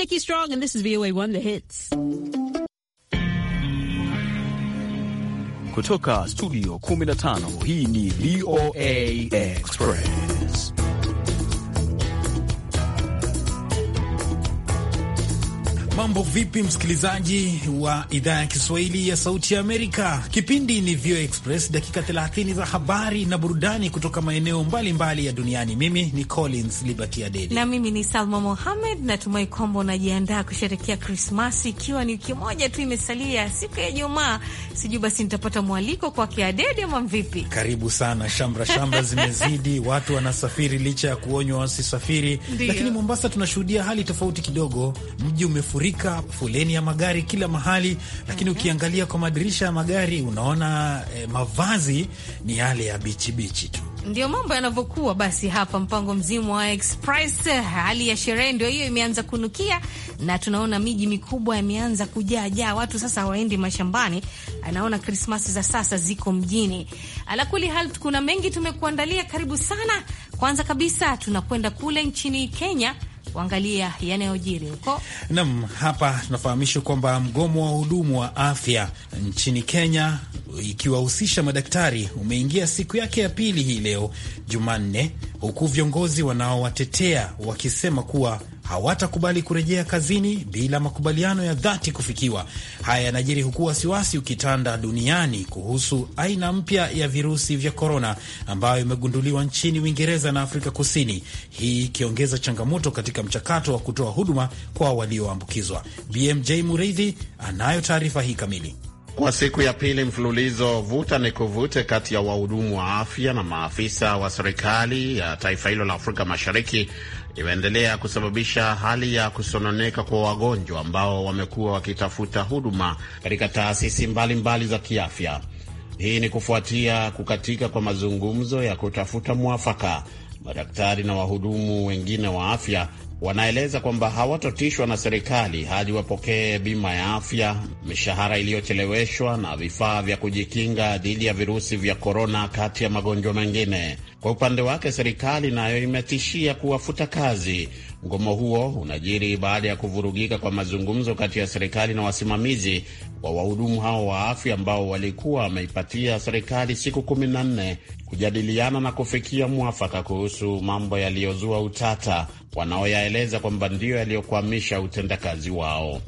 Nikki Strong, and this is VOA 1 The Hits. Kutoka studio 15 hii ni VOA Express. Mambo vipi, msikilizaji wa idhaa ya Kiswahili ya Sauti ya Amerika? Kipindi ni VOA Express, dakika 30 za habari na burudani kutoka maeneo mbalimbali mbali ya duniani. Mimi ni Collins Liberty Adede na mimi ni Salma Mohamed. Natumai kwamba unajiandaa kusherekea Krismasi ikiwa ni wiki moja tu imesalia, siku ya Jumaa. Sijui basi nitapata mwaliko kwake Adede ama vipi? Karibu sana. Shamra shamra zimezidi, watu wanasafiri licha ya kuonywa wasisafiri, lakini Mombasa tunashuhudia hali tofauti kidogo, mji umefurika kufurika, foleni ya magari kila mahali, lakini mm -hmm. ukiangalia kwa madirisha ya magari unaona eh, mavazi ni yale ya bichibichi tu. Ndio mambo yanavyokuwa. Basi hapa mpango mzima wa Express, hali ya sherehe ndio hiyo imeanza kunukia, na tunaona miji mikubwa imeanza kujaajaa watu. Sasa hawaendi mashambani, anaona Krismasi za sasa ziko mjini. Alakuli hal, kuna mengi tumekuandalia, karibu sana. Kwanza kabisa tunakwenda kule nchini Kenya kuangalia yanayojiri huko. Naam, hapa tunafahamisha kwamba mgomo wa hudumu wa afya nchini Kenya ikiwahusisha madaktari umeingia siku yake ya pili hii leo Jumanne, huku viongozi wanaowatetea wakisema kuwa hawatakubali kurejea kazini bila makubaliano ya dhati kufikiwa. Haya yanajiri huku wasiwasi ukitanda duniani kuhusu aina mpya ya virusi vya korona ambayo imegunduliwa nchini Uingereza na Afrika Kusini, hii ikiongeza changamoto katika mchakato wa kutoa huduma kwa walioambukizwa. BMJ Mureithi anayo taarifa hii kamili. Kwa siku ya pili mfululizo, vuta ni kuvute kati ya wahudumu wa afya na maafisa wa serikali ya taifa hilo la Afrika Mashariki imeendelea kusababisha hali ya kusononeka kwa wagonjwa ambao wamekuwa wakitafuta huduma katika taasisi mbalimbali mbali za kiafya. Hii ni kufuatia kukatika kwa mazungumzo ya kutafuta mwafaka madaktari na wahudumu wengine wa afya wanaeleza kwamba hawatotishwa na serikali hadi wapokee bima ya afya, mishahara iliyocheleweshwa na vifaa vya kujikinga dhidi ya virusi vya korona, kati ya magonjwa mengine. Kwa upande wake, serikali nayo imetishia kuwafuta kazi Mgomo huo unajiri baada ya kuvurugika kwa mazungumzo kati ya serikali na wasimamizi wa wahudumu hao wa afya ambao walikuwa wameipatia serikali siku kumi na nne kujadiliana na kufikia mwafaka kuhusu mambo yaliyozua utata wanaoyaeleza kwamba ndiyo yaliyokwamisha utendakazi wao.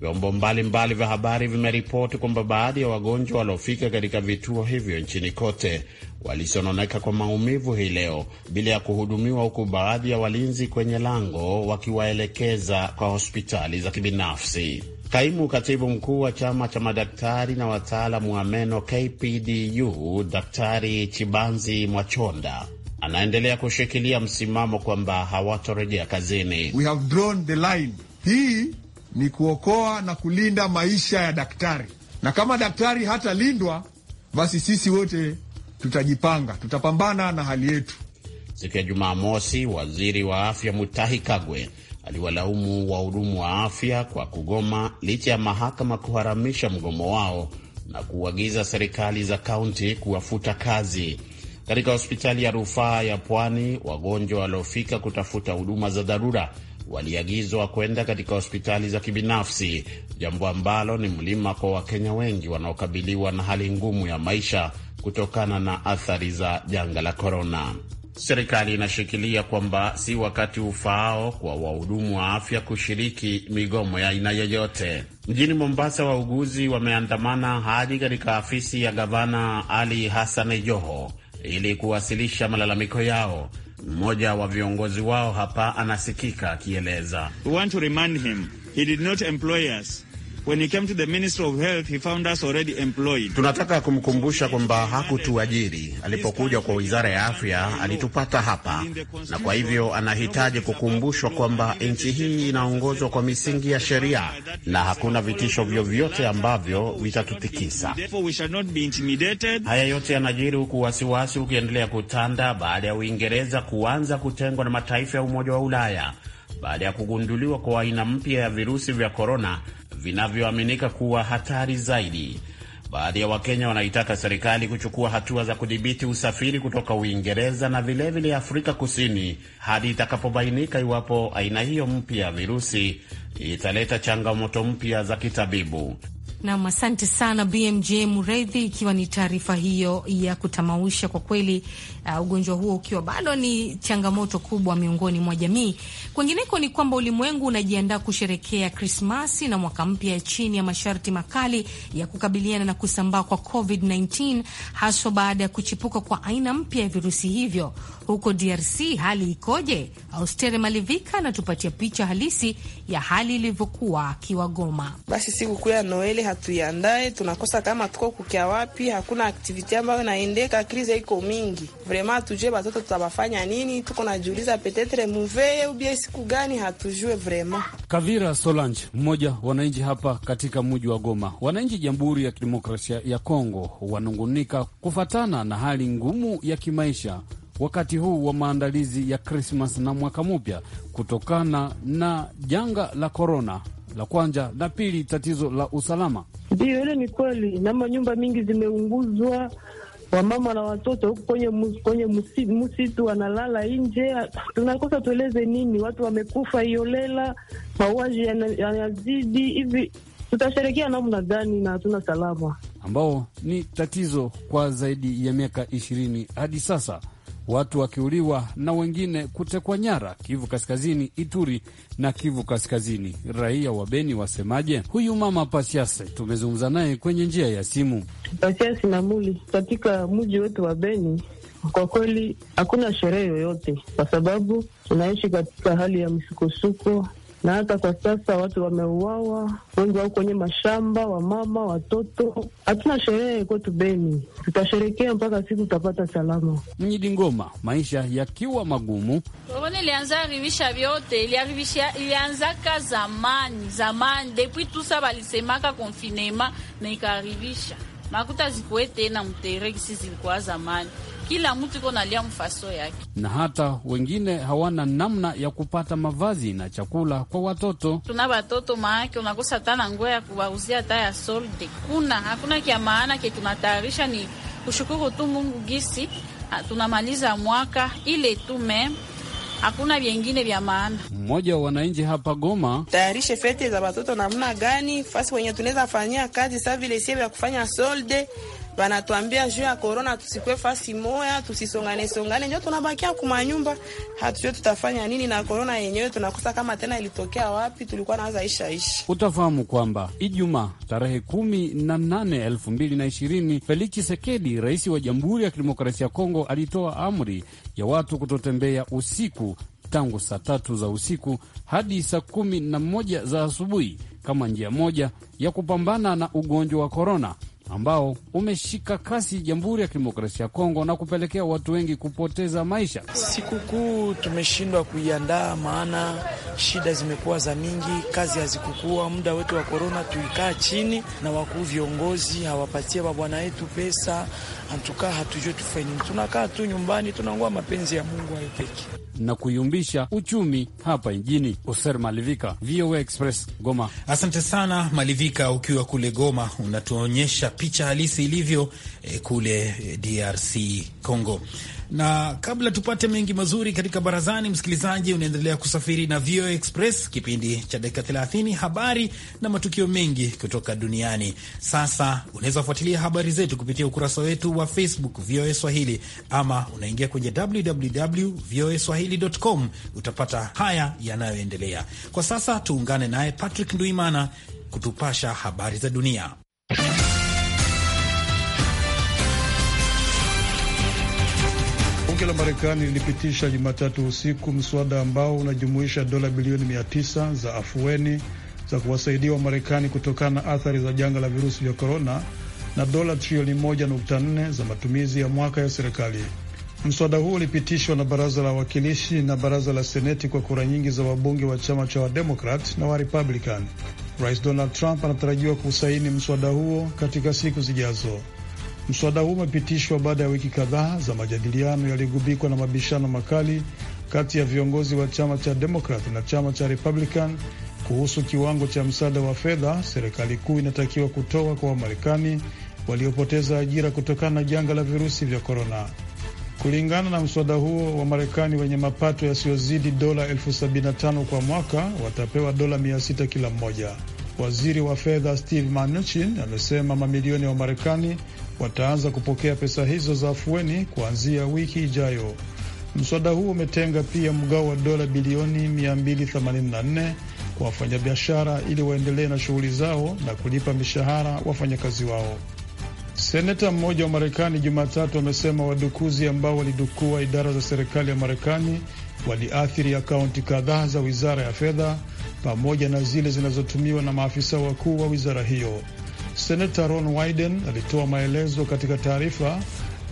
Vyombo mbalimbali vya habari vimeripoti kwamba baadhi ya wagonjwa waliofika katika vituo hivyo nchini kote walisononeka kwa maumivu hii leo bila ya kuhudumiwa, huku baadhi ya walinzi kwenye lango wakiwaelekeza kwa hospitali za kibinafsi. Kaimu katibu mkuu wa chama cha madaktari na wataalamu wa meno KPDU, Daktari Chibanzi Mwachonda anaendelea kushikilia msimamo kwamba hawatorejea kazini. We have drawn the line. Hii ni kuokoa na kulinda maisha ya daktari, na kama daktari hatalindwa, basi sisi wote tutajipanga, tutapambana na hali yetu. Siku ya Jumamosi, waziri wa afya Mutahi Kagwe aliwalaumu wahudumu wa afya kwa kugoma licha ya mahakama kuharamisha mgomo wao na kuagiza serikali za kaunti kuwafuta kazi. Katika hospitali ya rufaa ya Pwani, wagonjwa waliofika kutafuta huduma za dharura waliagizwa kwenda katika hospitali za kibinafsi, jambo ambalo ni mlima kwa Wakenya wengi wanaokabiliwa na hali ngumu ya maisha kutokana na athari za janga la korona. Serikali inashikilia kwamba si wakati ufaao kwa wahudumu wa afya kushiriki migomo ya aina yoyote. Mjini Mombasa, wauguzi wameandamana hadi katika afisi ya gavana Ali Hassan Joho ili kuwasilisha malalamiko yao. Mmoja wa viongozi wao hapa anasikika akieleza. We want to remind him he did not employ us When he came to the Ministry of Health, he found us already employed. Tunataka kumkumbusha kwamba hakutuajiri alipokuja kwa wizara ya afya, alitupata hapa, na kwa hivyo anahitaji kukumbushwa kwamba nchi hii inaongozwa kwa misingi ya sheria na hakuna vitisho vyovyote ambavyo vitatutikisa. Haya yote yanajiri huku wasiwasi ukiendelea kutanda baada ya Uingereza kuanza kutengwa na mataifa ya Umoja wa Ulaya baada ya kugunduliwa kwa aina mpya ya virusi vya korona vinavyoaminika kuwa hatari zaidi. Baadhi ya Wakenya wanaitaka serikali kuchukua hatua za kudhibiti usafiri kutoka Uingereza na vilevile Afrika Kusini hadi itakapobainika iwapo aina hiyo mpya ya virusi italeta changamoto mpya za kitabibu. Nam, asante sana BMJ Mureithi, ikiwa ni taarifa hiyo ya kutamausha. Kwa kweli, uh, ugonjwa huo ukiwa bado ni changamoto kubwa miongoni mwa jamii. Kwengineko ni kwamba ulimwengu unajiandaa kusherekea Krismasi na mwaka mpya chini ya masharti makali ya kukabiliana na kusambaa kwa COVID-19, haswa baada ya kuchipuka kwa aina mpya ya virusi hivyo. Huko DRC hali ikoje? Austere Malivika anatupatia picha halisi ya hali ilivyokuwa akiwa Goma. Basi sikukuu ya Noeli hatuiandae, tunakosa kama tuko kukia wapi, hakuna aktiviti ambayo inaendeka. Krize iko mingi vrema, hatujue batoto tutabafanya nini. Tuko najiuliza petetre muveye ubie siku gani, hatujue vrema. Kavira Solange, mmoja wananchi hapa katika muji wa Goma. Wananchi Jamhuri ya Kidemokrasia ya Kongo wanungunika kufatana na hali ngumu ya kimaisha wakati huu wa maandalizi ya Krismas na mwaka mpya kutokana na janga la korona la kwanza, la pili tatizo la usalama. Ndio, ile ni kweli, na nyumba mingi zimeunguzwa, wamama na watoto huku kwenye kwenye msitu wanalala nje, tunakosa tueleze nini? Watu wamekufa iolela, mauaji yanazidi hivi tutasherekea namna gani na hatuna salama, ambao ni tatizo kwa zaidi ya miaka ishirini hadi sasa watu wakiuliwa na wengine kutekwa nyara Kivu Kaskazini, Ituri na Kivu Kaskazini. Raia wa Beni wasemaje? Huyu mama Pasiase tumezungumza naye kwenye njia ya simu. Pasiasi na muli katika mji wetu wa Beni, kwa kweli hakuna sherehe yoyote, kwa sababu tunaishi katika hali ya msukosuko na hata kwa sasa watu wameuawa, wengi wao kwenye mashamba, wamama, watoto. Hatuna sherehe kwetu Beni, tutasherekea mpaka siku tutapata salama. Mjini Ngoma maisha yakiwa magumu, korona ilianza haribisha vyote, ilianzaka zamani zamani, depuis tusa balisemaka konfinema na ikaribisha makuta zikuwe tena mtereki, zilikuwa zamani kila mtu iko nalia mfaso yake, na hata wengine hawana namna ya kupata mavazi na chakula kwa watoto. Tuna watoto maake unakosa hata na nguo ya kuwauzia hata ya solde, kuna hakuna kia maana ke tunatayarisha ni kushukuru tu Mungu gisi tunamaliza mwaka ile tu meme hakuna vyengine vya maana. Mmoja wa wananchi hapa Goma, tayarishe fete za watoto namna gani, fasi wenye tunaweza fanyia kazi saa vile sie vya kufanya solde banatuambia juu ya korona tusikwe fasi moya, tusisongane songane, njo tunabakia kumanyumba, hatujue tutafanya nini na korona yenyewe, tunakosa kama tena ilitokea wapi, tulikuwa naanza isha isha. Utafahamu kwamba Ijumaa tarehe kumi na nane elfu mbili na ishirini Felix chisekedi rais wa Jamhuri ya Kidemokrasia ya Kongo, alitoa amri ya watu kutotembea usiku tangu saa tatu za usiku hadi saa kumi na moja za asubuhi kama njia moja ya kupambana na ugonjwa wa korona ambao umeshika kasi Jamhuri ya Kidemokrasia ya Kongo na kupelekea watu wengi kupoteza maisha. Sikukuu tumeshindwa kuiandaa, maana shida zimekuwa za mingi, kazi hazikukua. Muda wetu wa korona tulikaa chini na wakuu viongozi hawapatie wabwana yetu pesa hatukaa, hatujue tufanye, nini, tunakaa tu nyumbani, tunangua mapenzi ya Mungu hayo peke na kuyumbisha uchumi hapa nchini. Oser Malivika, VOA Express, Goma. Asante sana Malivika, ukiwa kule Goma unatuonyesha picha halisi ilivyo eh, kule eh, DRC Congo na kabla tupate mengi mazuri katika barazani, msikilizaji, unaendelea kusafiri na VOA Express, kipindi cha dakika 30, habari na matukio mengi kutoka duniani. Sasa unaweza kufuatilia habari zetu kupitia ukurasa wetu wa Facebook VOA Swahili, ama unaingia kwenye www voa swahili.com. Utapata haya yanayoendelea kwa sasa. Tuungane naye Patrick Nduimana kutupasha habari za dunia. Bunge la Marekani lilipitisha Jumatatu usiku mswada ambao unajumuisha dola bilioni mia tisa za afueni za kuwasaidia Wamarekani kutokana na athari za janga la virusi vya korona na dola trilioni moja nukta nne za matumizi ya mwaka ya serikali. Mswada huo ulipitishwa na baraza la wawakilishi na baraza la seneti kwa kura nyingi za wabunge wa chama cha Wademokrat na Warepublican. Rais Donald Trump anatarajiwa kusaini mswada huo katika siku zijazo. Mswada huo umepitishwa baada ya wiki kadhaa za majadiliano yaliyogubikwa na mabishano makali kati ya viongozi wa chama cha Demokrat na chama cha Republican kuhusu kiwango cha msaada wa fedha serikali kuu inatakiwa kutoa kwa Wamarekani waliopoteza ajira kutokana na janga la virusi vya korona. Kulingana na mswada huo, Wamarekani wenye mapato yasiyozidi dola elfu sabini na tano kwa mwaka watapewa dola mia sita kila mmoja. Waziri wa fedha Steve Mnuchin amesema mamilioni ya Wamarekani wataanza kupokea pesa hizo za afueni kuanzia wiki ijayo. Mswada huo umetenga pia mgao wa dola bilioni 284 kwa wafanyabiashara ili waendelee na shughuli zao na kulipa mishahara wafanyakazi wao. Seneta mmoja wa Marekani Jumatatu amesema wadukuzi ambao walidukua idara za serikali ya Marekani waliathiri akaunti kadhaa za wizara ya fedha pamoja na zile zinazotumiwa na maafisa wakuu wa wizara hiyo. Senata Ron Wyden alitoa maelezo katika taarifa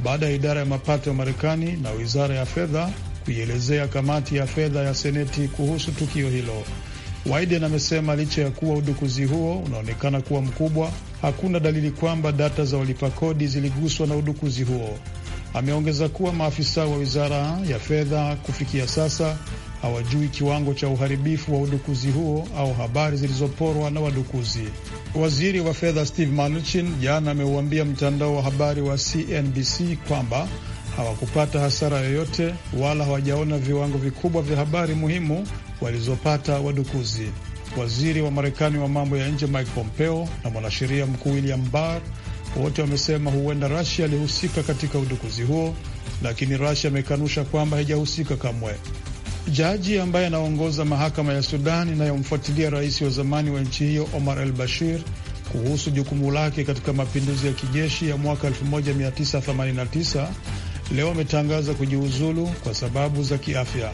baada ya idara ya mapato ya Marekani na wizara ya fedha kuielezea kamati ya fedha ya Seneti kuhusu tukio hilo. Wyden amesema licha ya kuwa udukuzi huo unaonekana kuwa mkubwa, hakuna dalili kwamba data za walipa kodi ziliguswa na udukuzi huo. Ameongeza kuwa maafisa wa wizara ya fedha kufikia sasa hawajui kiwango cha uharibifu wa udukuzi huo au habari zilizoporwa na wadukuzi. Waziri wa fedha Steve Mnuchin jana ameuambia mtandao wa habari wa CNBC kwamba hawakupata hasara yoyote wala hawajaona viwango vikubwa vya habari muhimu walizopata wadukuzi. Waziri wa Marekani wa mambo ya nje Mike Pompeo na mwanasheria mkuu William Barr wote wamesema huenda Rasia alihusika katika udukuzi huo, lakini Rasia amekanusha kwamba haijahusika kamwe. Jaji ambaye anaongoza mahakama ya Sudan inayomfuatilia rais wa zamani wa nchi hiyo Omar al Bashir kuhusu jukumu lake katika mapinduzi ya kijeshi ya mwaka 1989 leo ametangaza kujiuzulu kwa sababu za kiafya.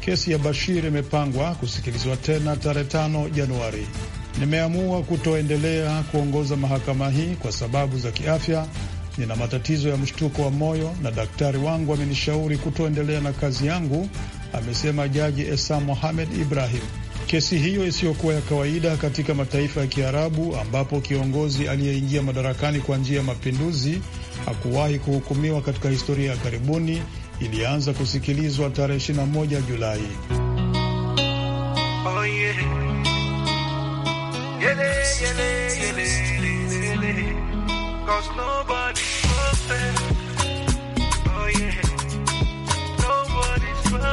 Kesi ya Bashir imepangwa kusikilizwa tena tarehe a Januari. Nimeamua kutoendelea kuongoza mahakama hii kwa sababu za kiafya. Nina matatizo ya mshtuko wa moyo na daktari wangu amenishauri kutoendelea na kazi yangu amesema Jaji Esa Mohamed Ibrahim. Kesi hiyo isiyokuwa ya kawaida katika mataifa ya Kiarabu ambapo kiongozi aliyeingia madarakani kwa njia ya mapinduzi hakuwahi kuhukumiwa katika historia ya karibuni ilianza kusikilizwa tarehe 21 Julai. Oh yeah.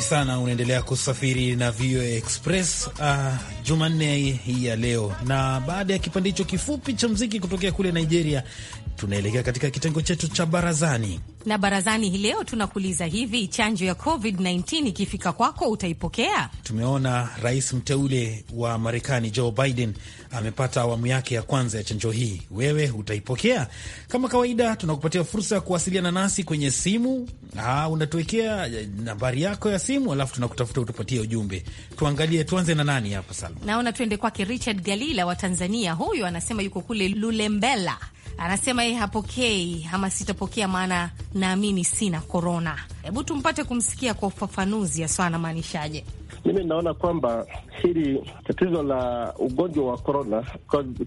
Asanti sana, unaendelea kusafiri na VOA Express uh, Jumanne hii ya leo, na baada ya kipande hicho kifupi cha mziki kutokea kule Nigeria, tunaelekea katika kitengo chetu cha barazani. Na barazani hii leo tunakuuliza hivi, chanjo ya COVID-19 ikifika kwako utaipokea? Tumeona rais mteule wa Marekani Joe Biden amepata awamu yake ya kwanza ya chanjo hii. Wewe utaipokea? Kama kawaida, tunakupatia fursa ya kuwasiliana nasi kwenye simu. Ah, unatuwekea eh, nambari yako ya simu, alafu tunakutafuta utupatie ujumbe. Tuangalie, tuanze na nani hapa, Salma? Naona tuende kwake Richard Galila wa Tanzania. Huyu anasema yuko kule Lulembela anasema yeye hapokei ama sitapokea, maana naamini sina korona. Hebu tumpate kumsikia kwa ufafanuzi haswa anamaanishaje. Mimi naona kwamba hili tatizo la ugonjwa wa korona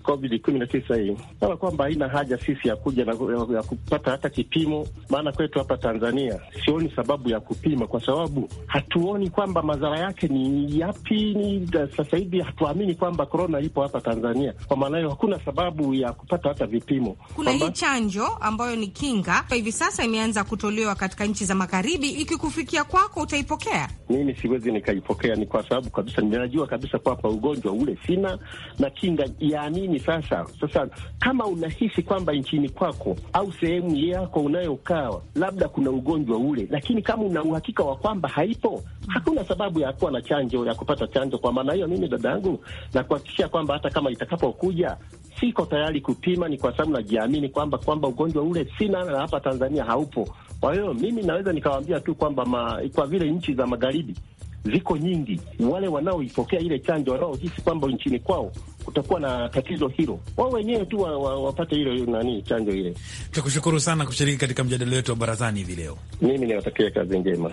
covid kumi na tisa hii naona kwamba haina haja sisi ya kuja na ya kupata hata kipimo, maana kwetu hapa Tanzania sioni sababu ya kupima, kwa sababu hatuoni kwamba madhara yake ni yapi. Ni sasa hivi hatuamini kwamba korona ipo hapa Tanzania, kwa maana hiyo hakuna sababu ya kupata hata vipimo kuna hii chanjo ambayo ni kinga hivi sasa imeanza kutolewa katika nchi za magharibi, ikikufikia kwako utaipokea? Mimi siwezi nikaipokea, ni kwa sababu kabisa ninajua kabisa kwamba ugonjwa ule sina na kinga ya nini sasa. Sasa kama unahisi kwamba nchini kwako au sehemu yako unayokaa labda kuna ugonjwa ule, lakini kama una uhakika wa kwamba haipo, hakuna sababu ya kuwa na chanjo ya kupata chanjo. Kwa maana hiyo, mimi dada yangu, na kwamba hata kama itakapokuja siko tayari kupima, ni kwa sababu najiamini kwamba kwamba ugonjwa ule sina na hapa Tanzania haupo. Kwa hiyo mimi naweza nikawaambia tu kwamba kwa vile nchi za magharibi ziko nyingi. Wale wanaoipokea ile chanjo wanaohisi kwamba nchini kwao kutakuwa na tatizo hilo, wao wenyewe tu wa, wa, wapate ile nani chanjo ile. Tukushukuru sana kushiriki katika mjadala wetu wa barazani hivi leo. Mimi niwatakia kazi njema.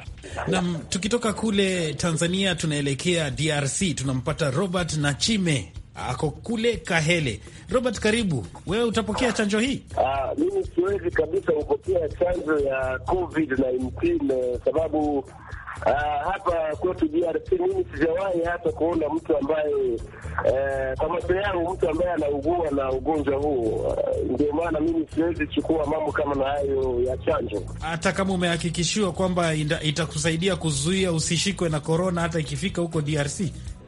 Naam, tukitoka kule Tanzania tunaelekea DRC, tunampata Robert Nachime ako kule Kahele. Robert, karibu wewe, utapokea chanjo hii? Ah, mimi siwezi kabisa kupokea chanjo ya COVID-19 eh, sababu Uh, hapa kwetu DRC mimi sijawahi hata kuona mtu ambaye uh, kwa macho yangu mtu ambaye anaugua na ugonjwa huu uh, ndio maana mimi siwezi chukua mambo kama na hayo ya chanjo, hata kama umehakikishiwa kwamba itakusaidia kuzuia usishikwe na korona hata ikifika huko DRC.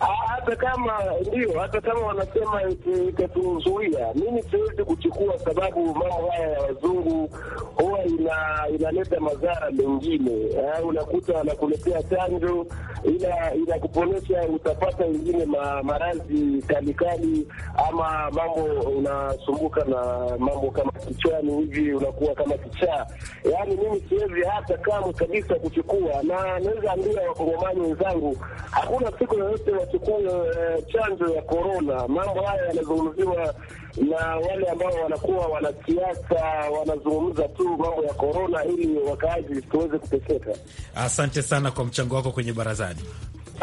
Ah, hata kama ndio, hata kama wanasema itatuzuia, mimi siwezi kuchukua, sababu mambo haya ya wazungu huwa ina, inaleta madhara mengine. Eh, unakuta anakuletea chanjo ila inakuponesha, utapata wengine maradhi kalikali, ama mambo unasumbuka na mambo kama kichwani hivi, unakuwa kama kichaa. Yaani mimi siwezi hata kama kabisa kuchukua, na naweza ambia wakongomani wenzangu, hakuna siku yoyote wachukue eh, chanjo ya korona. Mambo haya yanazungumziwa na wale ambao wanakuwa wanasiasa, wanazungumza tu mambo ya korona ili wakaazi tuweze kuteseka. Asante sana kwa mchango wako kwenye barazani.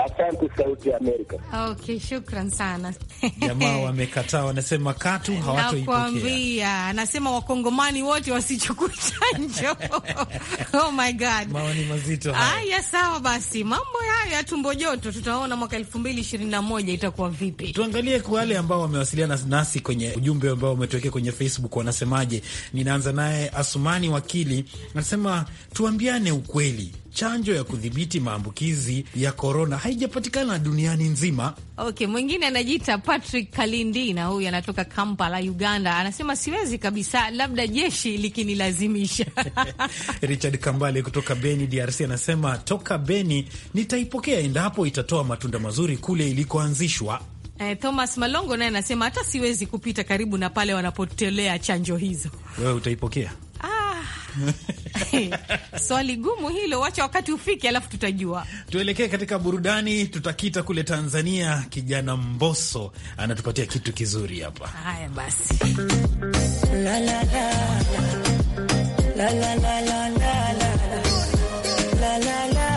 Asante Sauti ya Amerika. Okay, shukran sana. Jamaa wamekataa, wanasema katu hawatoipokea. anasema wakongomani wote wasichukue chanjo. Oh my God, maoni mazito haya. Haya, sawa basi, mambo ya tumbo joto, tutaona mwaka elfu mbili ishirini na moja itakuwa vipi. Tuangalie kwa wale ambao wamewasiliana nasi kwenye ujumbe ambao umetokea kwenye Facebook, wanasemaje? Ninaanza naye Asumani Wakili, anasema tuambiane ukweli chanjo ya kudhibiti maambukizi ya korona haijapatikana duniani nzima. Okay, mwingine anajiita Patrick Kalindina, huyu anatoka Kampala, Uganda, anasema siwezi kabisa, labda jeshi likinilazimisha. Richard Kambale kutoka Beni, DRC, anasema toka Beni nitaipokea endapo itatoa matunda mazuri kule ilikoanzishwa. Eh, Thomas Malongo naye anasema hata siwezi kupita karibu na pale wanapotolea chanjo hizo. Wewe utaipokea? Swali gumu hilo, wacha wakati ufike, alafu tutajua. Tuelekee katika burudani, tutakita kule Tanzania. Kijana mboso anatupatia kitu kizuri hapa. Haya basi, la, la, la, la, la, la, la, la, la, la.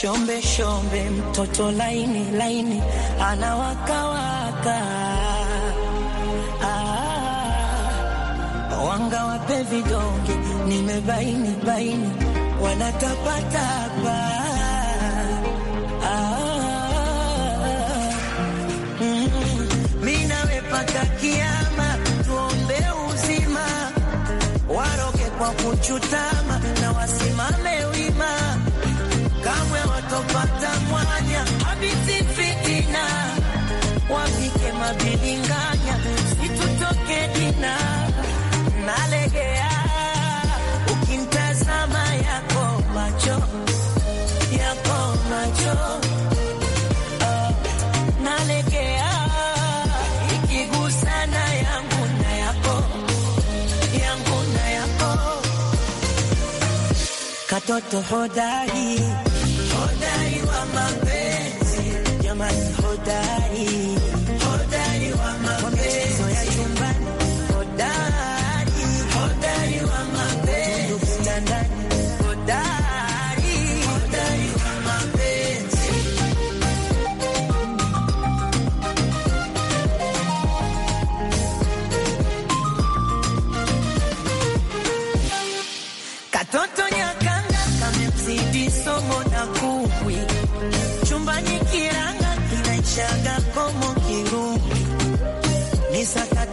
Shombe shombe, mtoto laini laini, anawakawaka vidonge vidonge, nimebaini baini, wanatapatapa ah, mm-hmm. kiama, tuombe uzima, waroke kwa kuchutama na wasimame wima, kamwe watopata mwanya habisi fitina, wapike mabilinganya situtoke dina mtoto hodari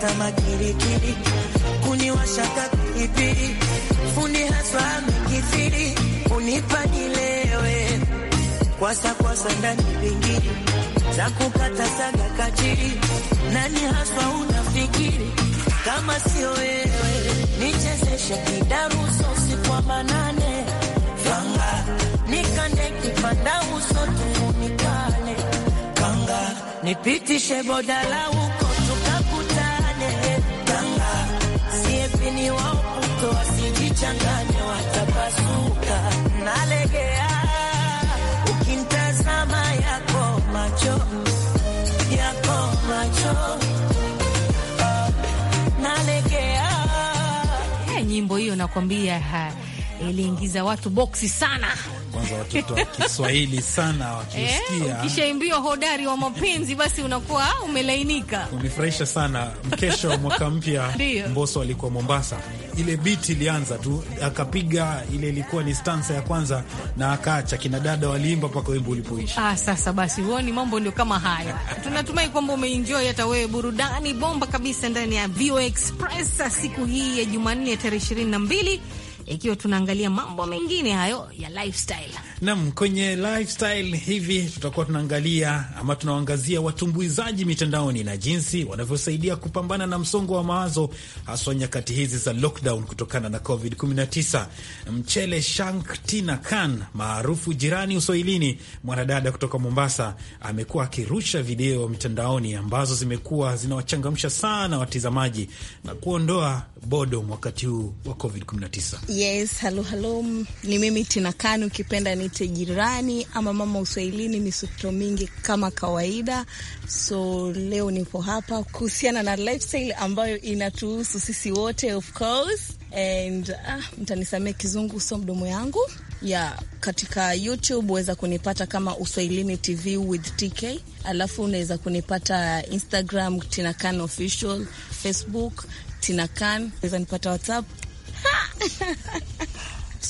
kama kirikiri, kuniwasha kakipiri, fundi haswa amekithiri, unipa nilewe kwasa kwasa ndani vingiri za kukata saga kachiri, nani haswa unafikiri kama sio wewe? Nichezeshe kidaruso usiku wa manane, vanga nikande kipanda uso tufunikane, kanga nipitishe bodala huko nakuambia yaliingiza watu boksi sana kwanza, watoto wa Kiswahili sana wakisikia, eh, ukishaimbiwa hodari wa mapenzi basi unakuwa umelainika. Unifurahisha sana. Mkesho wa mwaka mpya Mboso alikuwa Mombasa, ile biti ilianza tu akapiga, ile ilikuwa ni stansa ya kwanza na akaacha, kina dada waliimba mpaka wimbo ulipoisha. Ah, sasa basi, huoni mambo ndio kama haya. Tunatumai kwamba umeenjoy hata wewe burudani bomba kabisa ndani ya VOA Express siku hii ya Jumanne tarehe 22 ikiwa tunaangalia mambo mengine hayo ya lifestyle. Naam, kwenye lifestyle hivi tutakuwa tunaangalia ama tunaangazia watumbuizaji mitandaoni na jinsi wanavyosaidia kupambana na msongo wa mawazo haswa nyakati hizi za lockdown kutokana na COVID-19. Mchele Shank Tina Khan maarufu jirani Uswahilini, mwanadada kutoka Mombasa, amekuwa akirusha video mitandaoni ambazo zimekuwa zinawachangamsha sana watizamaji na kuondoa bodo wakati huu wa COVID-19. Yes, halo halo, ni mimi Tina Kani, ukipenda niite jirani ama mama uswahilini. Misukuto mingi kama kawaida, so leo nipo hapa kuhusiana na lifestyle ambayo inatuhusu sisi wote of course and uh, mtanisamee kizungu so mdomo yangu ya yeah, katika YouTube uweza kunipata kama Uswahilini TV with TK, alafu unaweza kunipata Instagram Tinakan official, Facebook Tinakan, unaweza nipata WhatsApp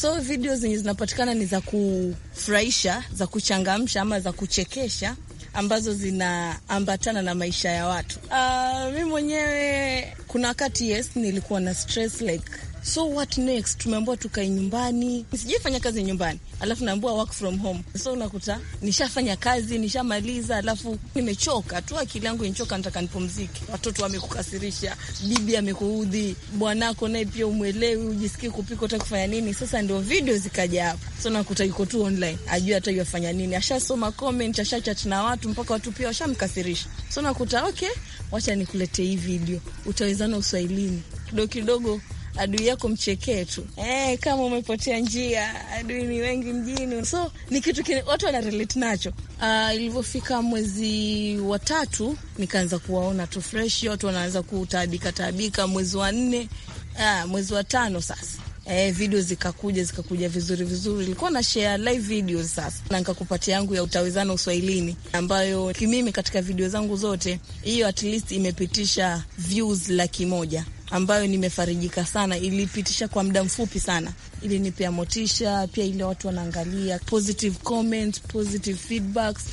So video zenye zinapatikana ni za kufurahisha, za kuchangamsha ama za kuchekesha ambazo zinaambatana na maisha ya watu. Uh, ah, mi mwenyewe kuna wakati yes, nilikuwa na stress like so what next? Tumeambiwa tukae nyumbani, sijui fanya kazi nyumbani, alafu naambiwa work from home. So unakuta nishafanya kazi nishamaliza, alafu nimechoka tu, akili yangu inchoka, nataka nipumzike. Watoto wamekukasirisha, bibi amekuudhi, bwanako naye pia umwelewi, ujisikii kupika, utaki kufanya nini? Sasa ndio video zikaja hapo. So nakuta yuko tu online, ajui hata yuafanya nini, ashasoma comment, ashachat na watu mpaka watu pia washamkasirisha. So nakuta okay, wacha nikulete hii video, utawezana uswahilini kidogo kidogo adui yako mchekee tu eh, kama umepotea njia, adui ni wengi mjini, so ni kitu kine, watu wanarelate nacho. Uh, ilivyofika mwezi wa tatu nikaanza kuwaona tu fresh, watu wanaanza kutaabika taabika. Mwezi wa nne, uh, mwezi wa tano sasa Eh, video zikakuja zikakuja vizuri vizuri, ilikuwa na share live videos sasa, na nikakupatia yangu ya utawezana Uswahilini, ambayo kimimi katika video zangu zote hiyo at least imepitisha views laki moja ambayo nimefarijika sana, ilipitisha kwa muda mfupi sana, ilinipea motisha pia, ile watu wanaangalia positive comment, positive feedbacks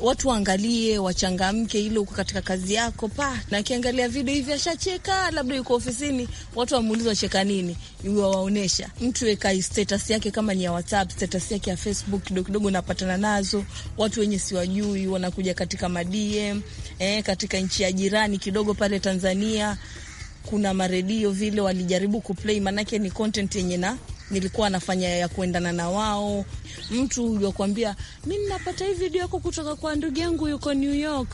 watu waangalie, wachangamke, ile uko katika kazi yako pa na akiangalia video hivi ashacheka, labda yuko ofisini, watu wamuulize wacheka nini, iwe mtu weka status yake, kama ni ya WhatsApp, status yake ya Facebook, kidogo kidogo unapatana nazo watu wenye siwajui, wanakuja katika madm eh, katika nchi ya jirani kidogo pale Tanzania kuna maredio vile walijaribu kuplay, maanake ni content yenye na nilikuwa nafanya ya kuendana na wao. Mtu uliokwambia mi ninapata hii video yako kutoka kwa ndugu yangu yuko New York,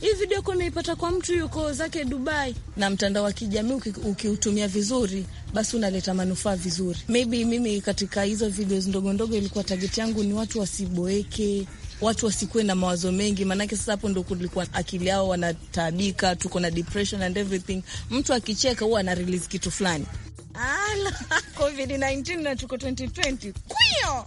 hii video yako naipata kwa mtu yuko zake Dubai. Na mtandao wa kijamii ukiutumia vizuri, basi unaleta manufaa vizuri. Maybe mimi katika hizo videos ndogondogo, ilikuwa target yangu ni watu wasiboeke watu wasikuwe na mawazo mengi, maanake sasa hapo ndo kulikuwa akili yao wanataabika, tuko na depression and everything. Mtu akicheka huwa ana release kitu fulani. Ala, COVID-19 na tuko 2020 kwio.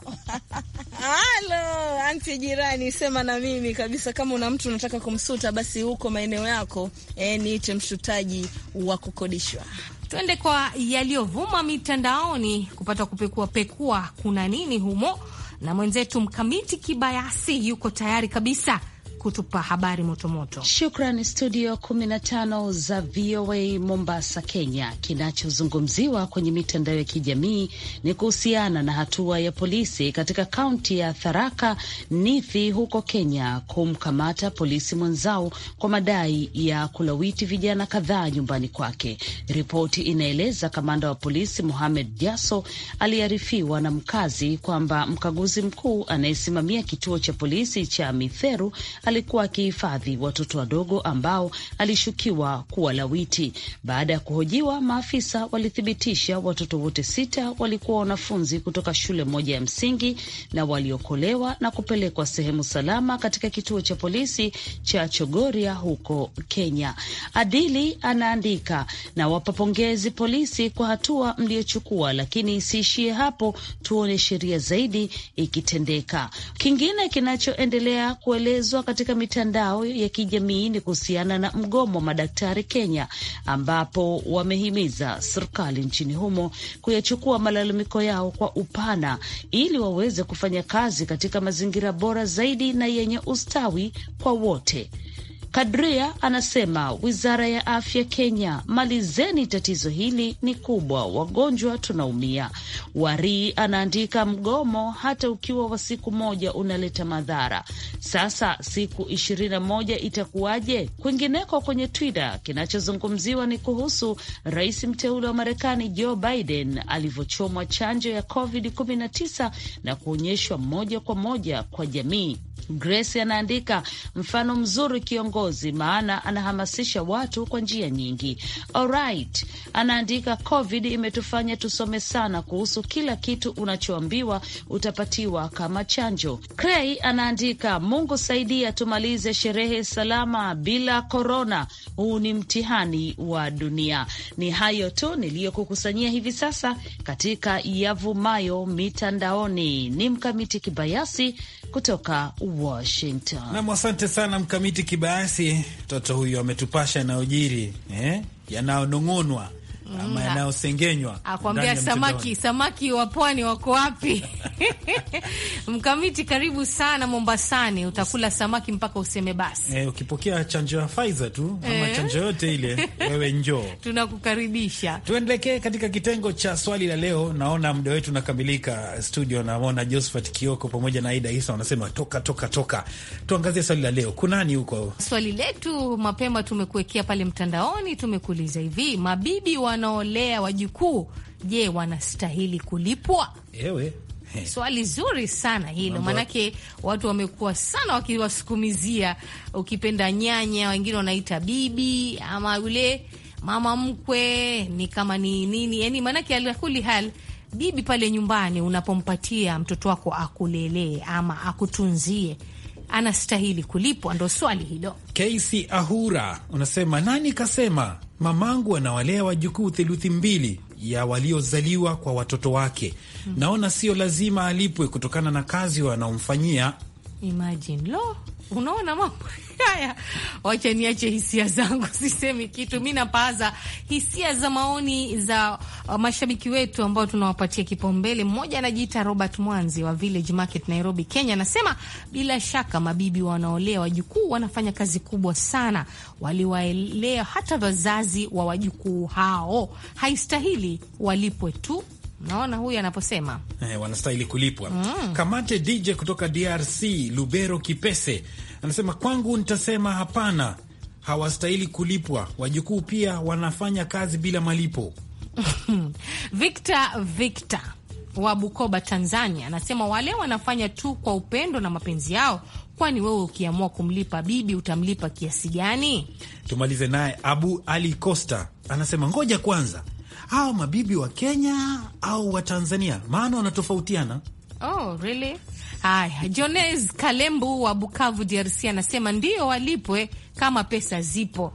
Alo, anti jirani, sema na mimi kabisa. Kama una mtu unataka kumsuta, basi huko maeneo yako e, niite mshutaji wa kukodishwa. Tuende kwa yaliyovuma mitandaoni kupata kupekua pekua kuna nini humo na mwenzetu Mkamiti Kibayasi yuko tayari kabisa kutupa habari motomoto. Shukran studio 15 za VOA Mombasa, Kenya. Kinachozungumziwa kwenye mitandao ya kijamii ni kuhusiana na hatua ya polisi katika kaunti ya Tharaka Nithi huko Kenya kumkamata polisi mwenzao kwa madai ya kulawiti vijana kadhaa nyumbani kwake. Ripoti inaeleza kamanda wa polisi Mohamed Jaso aliarifiwa na mkazi kwamba mkaguzi mkuu anayesimamia kituo cha polisi cha Mitheru ali alikuwa akihifadhi watoto wadogo ambao alishukiwa kuwa lawiti Baada ya kuhojiwa, maafisa walithibitisha watoto wote sita walikuwa wanafunzi kutoka shule moja ya msingi na waliokolewa na kupelekwa sehemu salama katika kituo cha polisi cha Chogoria huko Kenya. Adili anaandika, nawapa pongezi polisi kwa hatua mliyochukua, lakini isiishie hapo, tuone sheria zaidi ikitendeka. Kingine kinachoendelea kuelezwa katika mitandao ya kijamii ni kuhusiana na mgomo wa madaktari Kenya, ambapo wamehimiza serikali nchini humo kuyachukua malalamiko yao kwa upana ili waweze kufanya kazi katika mazingira bora zaidi na yenye ustawi kwa wote. Kadria anasema wizara ya afya Kenya, malizeni tatizo hili, ni kubwa, wagonjwa tunaumia. Warii anaandika mgomo hata ukiwa wa siku moja unaleta madhara. Sasa siku ishirini na moja itakuwaje? Kwingineko kwenye Twitter kinachozungumziwa ni kuhusu rais mteule wa Marekani Joe Biden alivyochomwa chanjo ya COVID-19 na kuonyeshwa moja kwa moja kwa jamii. Grace anaandika mfano mzuri kiongo uongozi, maana anahamasisha watu kwa njia nyingi. Alright, anaandika COVID imetufanya tusome sana kuhusu kila kitu unachoambiwa utapatiwa kama chanjo. Cray anaandika Mungu saidia tumalize sherehe salama bila korona, huu ni mtihani wa dunia. Ni hayo tu niliyokukusanyia hivi sasa katika yavumayo mitandaoni. Ni mkamiti Kibayasi kutoka Washington. Nam, asante sana Mkamiti Kibayasi, mtoto huyo ametupasha yanayojiri eh, yanayonong'onwa ama yanayosengenywa akwambia samaki samaki wa pwani wako wapi? Mkamiti, karibu sana Mombasani, utakula samaki mpaka useme basi. E, ukipokea chanjo ya Pfizer tu ama eh. chanjo yote ile wewe njoo, tunakukaribisha. Tuendelekee katika kitengo cha swali la leo. Naona muda wetu unakamilika studio, naona Josephat Kioko pamoja na Aida Isa wanasema toka toka toka. Tuangazie swali la leo, kunani huko? Swali letu mapema tumekuwekea pale mtandaoni, tumekuuliza hivi, mabibi wa wanaolea wajukuu, je, wanastahili kulipwa? Ewe. Swali zuri sana hilo, maanake watu wamekuwa sana wakiwasukumizia, ukipenda nyanya, wengine wanaita bibi ama yule mama mkwe, ni kama ni nini, yani maanake alakuli hal bibi pale nyumbani, unapompatia mtoto wako akulelee ama akutunzie anastahili kulipwa? Ndo swali hilo. Kesi Ahura unasema nani kasema mamangu anawalea wajukuu theluthi mbili ya waliozaliwa kwa watoto wake. Hmm. Naona sio lazima alipwe kutokana na kazi wanaomfanyia. Imagine lo Unaona mambo haya, wacha niache hisia zangu, sisemi kitu. Mi napaza hisia za maoni za uh, mashabiki wetu ambao tunawapatia kipaumbele. Mmoja anajiita Robert Mwanzi wa Village Market, Nairobi, Kenya, anasema bila shaka mabibi wanaolea wajukuu wanafanya kazi kubwa sana, waliwaelea hata wazazi wa wajukuu hao, haistahili walipwe tu Naona huyu anaposema eh, wanastahili kulipwa mm. Kamate DJ kutoka DRC Lubero Kipese anasema kwangu, nitasema hapana, hawastahili kulipwa. Wajukuu pia wanafanya kazi bila malipo. Victor Victor wa Bukoba, Tanzania anasema wale wanafanya tu kwa upendo na mapenzi yao, kwani wewe ukiamua kumlipa bibi utamlipa kiasi gani? Tumalize naye Abu Ali Costa anasema ngoja kwanza au mabibi wa Kenya au wa Tanzania? Maana wanatofautiana. Oh, really? Haya, Jones Kalembu wa Bukavu, DRC anasema ndio walipwe kama pesa zipo.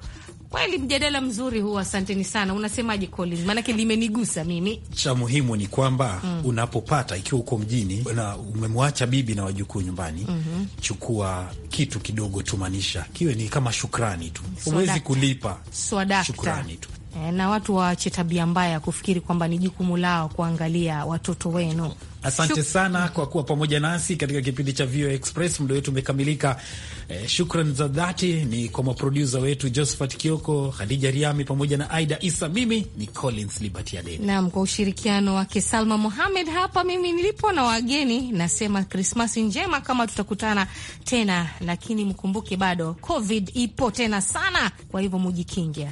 Kweli mjadala mzuri huu, asanteni sana. Unasemaje Collins? Maanake limenigusa mimi. Cha muhimu ni kwamba mm, unapopata ikiwa uko mjini na umemwacha bibi na wajukuu nyumbani mm -hmm, chukua kitu kidogo tu, maanisha kiwe ni kama shukrani tu, huwezi kulipa, shukrani tu. Eh, na watu waache tabia mbaya ya kufikiri kwamba ni jukumu lao kuangalia watoto wenu. Asante sana kwa kuwa pamoja nasi katika kipindi cha VOA Express. Muda wetu umekamilika. Eh, shukran za dhati ni kwa maprodusa wetu Josephat Kioko, Khadija Riami pamoja na Aida Isa. Mimi ni Collins Liberty Adeni nam kwa ushirikiano wake Salma Mohamed hapa mimi nilipo na wageni, nasema Krismasi njema kama tutakutana tena, lakini mkumbuke bado COVID ipo tena sana, kwa hivyo mujikinge.